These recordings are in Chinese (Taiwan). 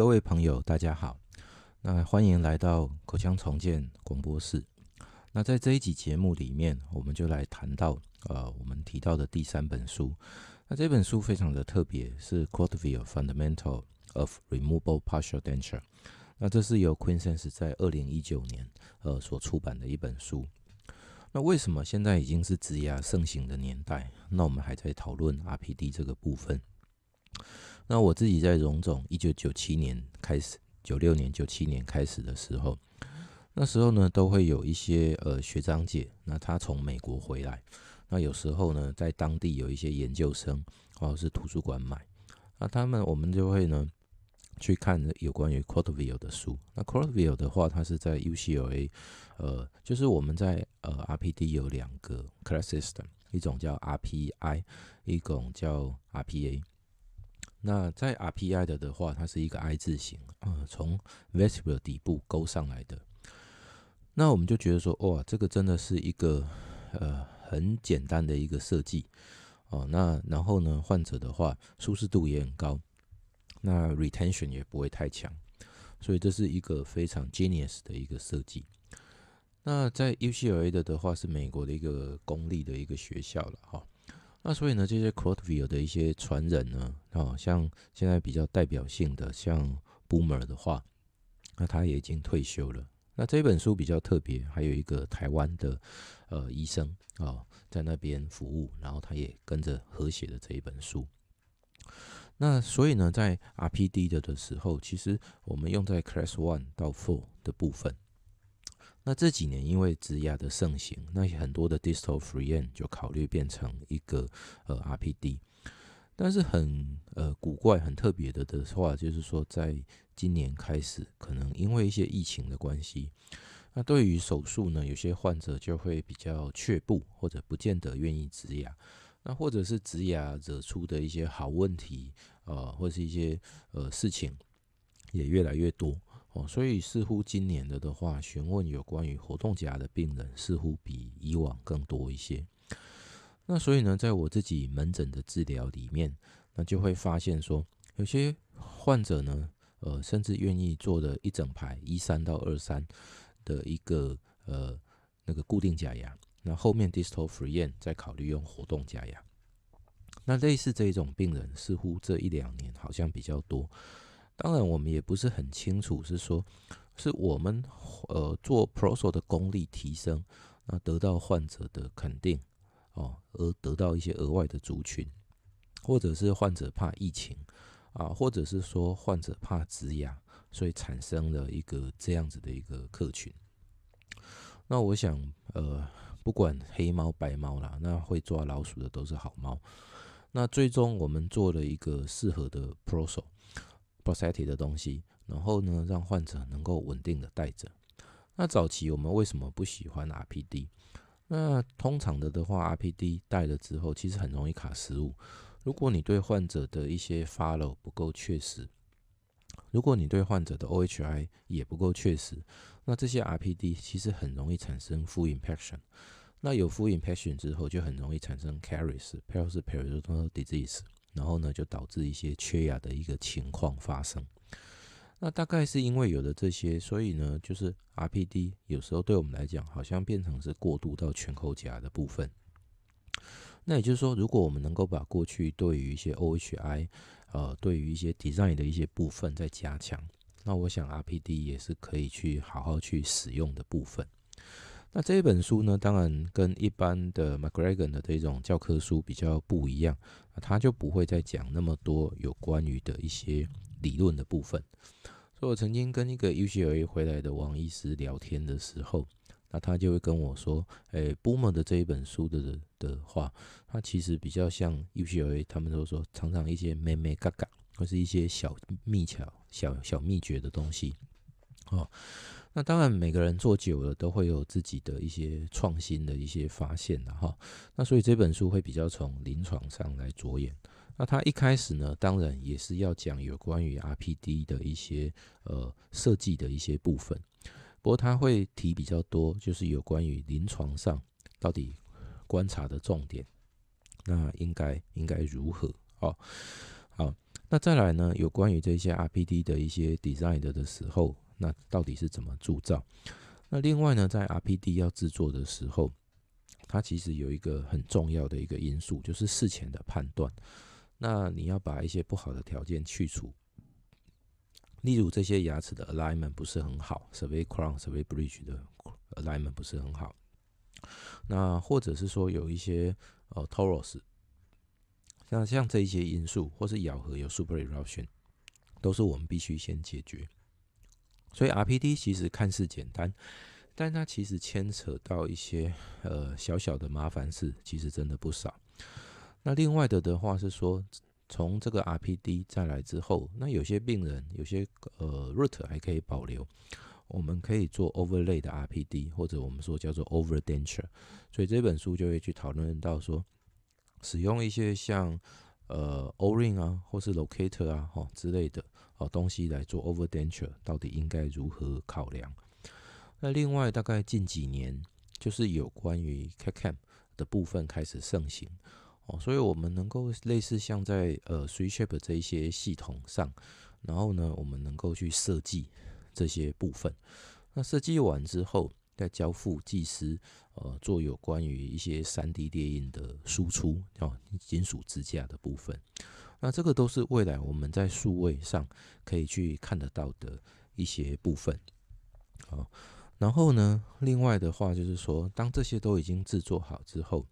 各位朋友，大家好，那歡迎來到口腔重建廣播室。那在這一集節目裡面，我們就來談到呃，我們提到的第三本書。那這本書非常的特別，是 Kratochil's Fundamentals of Removable Partial Denture。那這是由 Quintessence 在二零一九年呃所出版的一本書。那為什麼現在已經是植牙盛行的年代，那我們還在討論 RPD 這個部分？那我自己在榮總，一九九七年開始，九六年、九七年開始的時候，那時候呢，都會有一些呃學長姐，那他從美國回來，那有時候呢，在當地有一些研究生，或、哦、者是圖書館買，那他們我們就會呢去看有關於 Kratochvil 的書。那 Kratochvil 的話，它是在 UCLA，呃，就是我們在呃 RPD 有兩個 class system，一種叫 RPI，一種叫 RPA。那在 RPI 的的話，它是一個 I 字型，嗯、呃，從 vestibule 底部勾上來的。那我們就覺得說，哇，這個真的是一個呃很簡單的一個設計哦。那然後呢，患者的話舒適度也很高，那 retention 也不會太強，所以這是一個非常 genius 的一個設計。那在 UCLA 的的話，是美國的一個公立的一個學校了哈。哦那所以呢，這些 Kratochil 的一些傳人呢，啊、哦，像現在比較代表性的，像 Boomer 的話，那他也已經退休了。那這本書比較特別，還有一個台灣的呃醫生啊、哦，在那邊服務，然後他也跟着合寫的這一本書。那所以呢，在 RPD 的的時候，其實我們用在 Class One 到 Four 的部分。那這幾年因為植牙的盛行，那很多的 distal free end 就考慮變成一個呃 RPD，但是很呃古怪很特別的的話，就是說在今年開始，可能因為一些疫情的關係，那對於手術呢，有些患者就會比較卻步，或者不見得願意植牙，那或者是植牙惹出的一些好問題，呃，或是一些呃事情也越來越多。哦，所以似乎今年的的話，詢問有關於活動假牙的病人似乎比以往更多一些。那所以呢，在我自己門診的治療裡面，那就會發現說，有些患者呢，呃，甚至願意做的一整排一三到二三的一個呃那個固定假牙，那後面 distal free end 再考慮用活動假牙。那類似這一種病人，似乎這一兩年好像比較多。當然，我們也不是很清楚，是說是我們呃做 prosso 的功力提升，那得到患者的肯定哦，而得到一些額外的族群，或者是患者怕疫情啊，或者是說患者怕植牙，所以產生了一個這樣子的一個客群。那我想，呃，不管黑貓白貓啦，那會抓老鼠的都是好貓。那最終，我們做了一個適合的 prosso。prosthetic 的東西，然後呢，讓患者能夠穩定的戴着。那早期我們為什麼不喜歡 RPD？那通常的的話，RPD 戴了之後，其實很容易卡食物。如果你對患者的一些 follow 不夠確實，如果你對患者的 OHI 也不夠確實，那這些 RPD 其實很容易產生 full impression。那有 full impression 之後，就很容易產生 caries，perio periodontal disease。然後呢，就導致一些缺牙的一個情況發生。那大概是因為有了這些，所以呢，就是 RPD 有時候對我們來講，好像變成是過渡到全口假牙的部分。那也就是說，如果我們能夠把過去對於一些 OHI，呃，對於一些 design 的一些部分再加強，那我想 RPD 也是可以去好好去使用的部分。那這一本書呢，當然跟一般的 McGregor 的這種教科書比較不一樣，他就不會再講那麼多有關於的一些理論的部分。所以我曾經跟一個 UCLA 回來的王醫師聊天的時候，那他就會跟我說：“誒、欸，Boomer 的這一本書的的話，他其實比較像 UCLA 他們都說常常一些咩咩嘎嘎，或是一些小秘巧、小小秘訣的東西，哦。”那當然，每個人做久了都會有自己的一些創新的一些發現啦哈。那所以這本書會比較從臨床上來着眼。那它一開始呢，當然也是要講有關於 RPD 的一些呃設計的一些部分。不過它會提比較多，就是有關於臨床上到底觀察的重點，那應該應該如何哦？好，好，那再來呢，有關於這些 RPD 的一些 design 的，的時候。那到底是怎麼鑄造？那另外呢，在 RPD 要制作的時候，它其實有一個很重要的一個因素，就是事前的判斷。那你要把一些不好的條件去除，例如這些牙齒的 alignment 不是很好，survey crown、survey bridge 的 alignment 不是很好，那或者是說有一些呃 torus，像像這一些因素，或是咬合有 super eruption，都是我們必須先解決。所以 RPD 其實看似簡單，但它其實牽扯到一些呃小小的麻煩事，其實真的不少。那另外的的話是說，從這個 RPD 再來之後，那有些病人有些呃 root 還可以保留，我們可以做 overlay 的 RPD，或者我們說叫做 overdenture。所以這本書就會去討論到說，使用一些像。呃，O-ring 啊，或是 Locator 啊，吼、哦、之類的哦東西來做 Overdenture，到底應該如何考量？那另外大概近幾年就是有關於 CAD/CAM 的部分開始盛行哦，所以我們能夠類似像在呃 3Shape 這一些系統上，然後呢，我們能夠去設計這些部分。那設計完之後，在交付技師，呃，做有關於一些三 D 列印的輸出，哦，金屬支架的部分。那這個都是未來我們在數位上可以去看得到的一些部分。好，然後呢，另外的話就是說，當這些都已經製作好之後，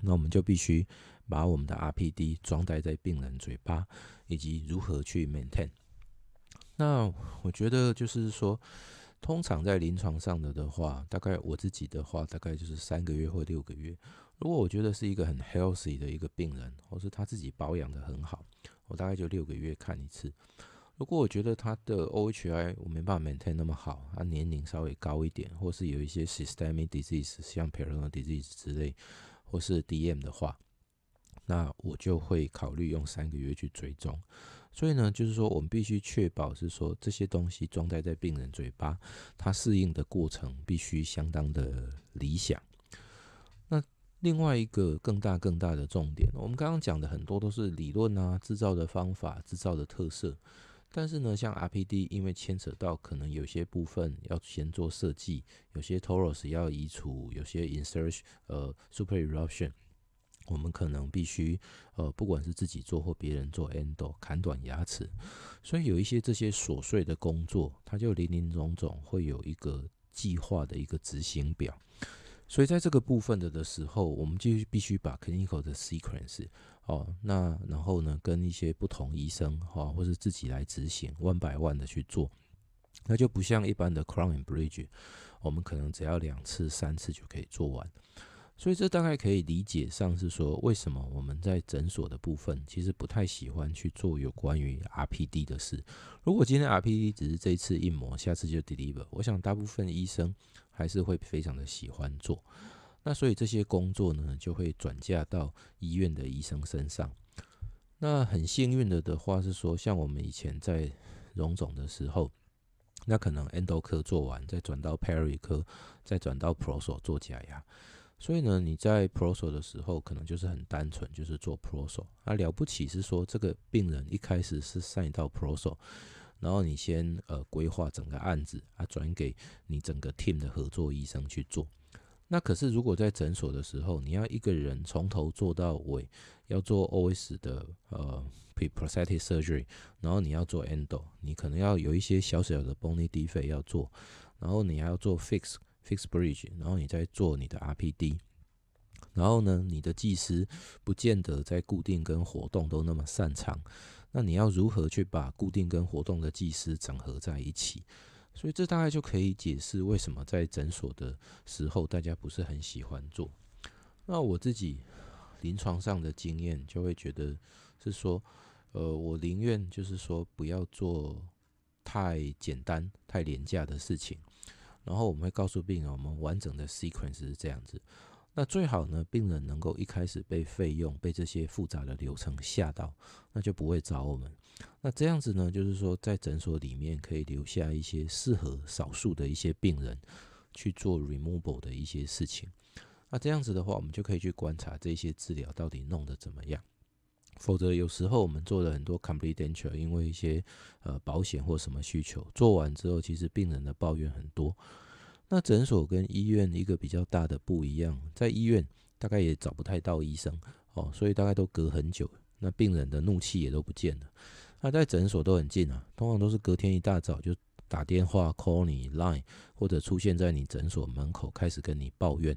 那我們就必須把我們的 RPD 裝戴在病人嘴巴，以及如何去 maintain。那我覺得就是說，通常在臨床上的的話，大概我自己的話，大概就是三個月或六個月。如果我覺得是一個很 healthy 的一個病人，或是他自己保養得很好，我大概就六個月看一次。如果我覺得他的 OHI 我沒辦法 maintain 那麼好，他年齡稍微高一點，或是有一些 systemic disease，像 periodontal disease 之類，或是 DM 的話。那我就會考慮用三個月去追蹤，所以呢，就是說我們必須確保是說這些東西裝戴在病人嘴巴，它適應的過程必須相當的理想。那另外一個更大更大的重點，我們剛剛講的很多都是理論啊，制造的方法，制造的特色，但是呢，像 RPD 因為牽扯到可能有些部分要先做設計，有些 torus 要移除，有些 insert 呃 super eruption。我們可能必須，呃，不管是自己做或別人做 endo，砍短牙齒，所以有一些這些瑣碎的工作，它就林林總總會有一個計劃的一個執行表。所以在這個部分的的時候，我們就必須把 clinical 的 sequence，哦，那然後呢，跟一些不同醫生哈、哦，或是自己來執行 one by one 的去做，那就不像一般的 crown and bridge，我們可能只要兩次三次就可以做完。所以這大概可以理解上是說，為什麼我們在診所的部分其實不太喜歡去做有關於 RPD 的事。如果今天 RPD 只是這一次印模，下次就 deliver，我想大部分醫生還是會非常的喜歡做。那所以這些工作呢，就會轉嫁到醫院的醫生身上。那很幸運的的話是說，像我們以前在榮總的時候，那可能 endo 科做完，再轉到 peri 科，再轉到 pros 做假牙。所以呢，你在 prosso 的時候，可能就是很單純，就是做 prosso 啊，了不起是說這個病人一開始是上一道 prosso 然後你先呃規劃整個案子啊，轉給你整個 team 的合作醫生去做。那可是如果在診所的時候，你要一個人從頭做到尾，要做 os 的呃 pre-prosthetic surgery，然後你要做 endo，你可能要有一些小小的 bony defect 要做，然後你還要做 fix。Fixed bridge，然後你再做你的 RPD，然後呢，你的技師不見得在固定跟活動都那麼擅長，那你要如何去把固定跟活動的技師整合在一起？所以這大概就可以解釋為什麼在診所的時候大家不是很喜歡做。那我自己臨床上的經驗就會覺得是說，呃，我寧願就是說不要做太簡單、太廉價的事情。然後我們會告訴病人，我們完整的 sequence 是這樣子。那最好呢，病人能夠一開始被費用、被這些複雜的流程嚇到，那就不會找我們。那這樣子呢，就是說在診所裡面可以留下一些適合少數的一些病人去做 removal 的一些事情。那這樣子的話，我們就可以去觀察這些治療到底弄得怎麼樣。否則，有時候我們做了很多 complete denture，因為一些呃保險或什麼需求，做完之後，其實病人的抱怨很多。那診所跟醫院一個比較大的不一樣，在醫院大概也找不太到醫生哦，所以大概都隔很久。那病人的怒氣也都不見了。那在診所都很近啊，通常都是隔天一大早就打電話 call 你 line，或者出現在你診所門口開始跟你抱怨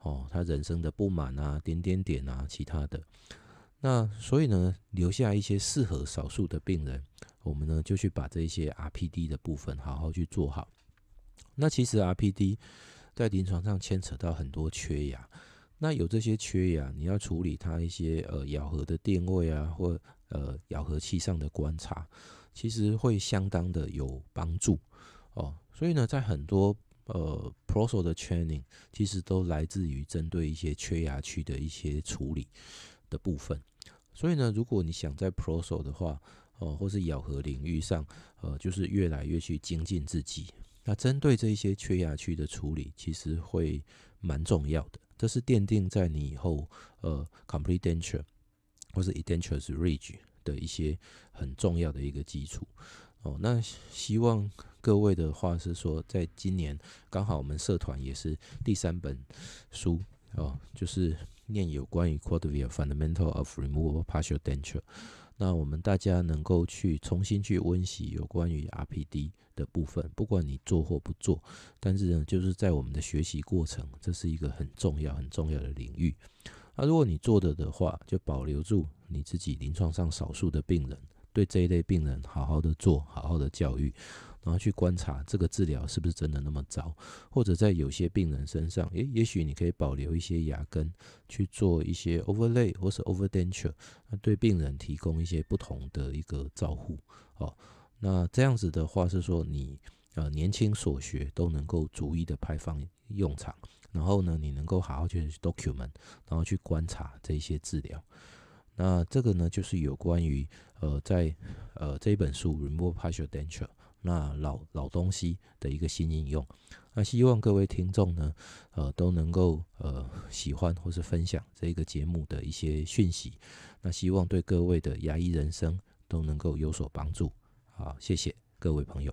哦，他人生的不滿啊，點點點啊，其他的。那所以呢，留下一些適合少數的病人，我們呢就去把這些 RPD 的部分好好去做好。那其實 RPD 在臨床上牽扯到很多缺牙，那有這些缺牙，你要處理它一些呃咬合的定位啊，或呃咬合器上的觀察，其實會相當的有幫助哦。所以呢，在很多呃 prostho 的 training 其實都來自於針對一些缺牙區的一些處理。的部分，所以呢，如果你想在 pros 的話，哦、呃，或是咬合領域上，呃，就是越來越去精進自己。那針對這一些缺牙區的處理，其實會蠻重要的，這是奠定在你以後呃，complete denture 或是 edentulous ridge 的一些很重要的一個基礎。哦、呃，那希望各位的話是說，在今年剛好我們社團也是第三本書哦、呃，就是。念有關於 Kratochil's fundamental of removable partial denture，那我們大家能夠去重新去溫習有關於 RPD 的部分，不管你做或不做，但是呢，就是在我們的學習過程，這是一個很重要很重要的領域。那如果你做的的話，就保留住你自己臨床上少數的病人，對這一類病人好好的做，好好的教育。然後去觀察這個治療是不是真的那麼糟？或者在有些病人身上，哎，也許你可以保留一些牙根去做一些 overlay 或是 overdenture，啊，對病人提供一些不同的一個照護。哦，那這樣子的話是說你呃年輕所學都能夠逐一的派上用場，然後呢，你能夠好好去 document，然後去觀察這一些治療。那這個呢，就是有關於呃在呃這一本書《Removable Partial Denture》。那老老東西的一個新應用，那希望各位聽眾呢，呃都能夠呃喜歡或是分享這個節目的一些訊息，那希望對各位的牙醫人生都能夠有所幫助。好，謝謝各位朋友。